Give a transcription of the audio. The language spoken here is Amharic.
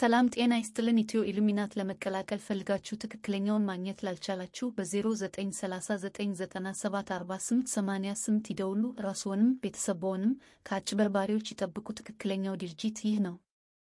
ሰላም ጤና ይስጥልን። ኢትዮ ኢሉሚናት ለመቀላቀል ፈልጋችሁ ትክክለኛውን ማግኘት ላልቻላችሁ በ0939974888 ይደውሉ። ራስዎንም ቤተሰቦንም ከአጭበርባሪዎች ይጠብቁ። ትክክለኛው ድርጅት ይህ ነው።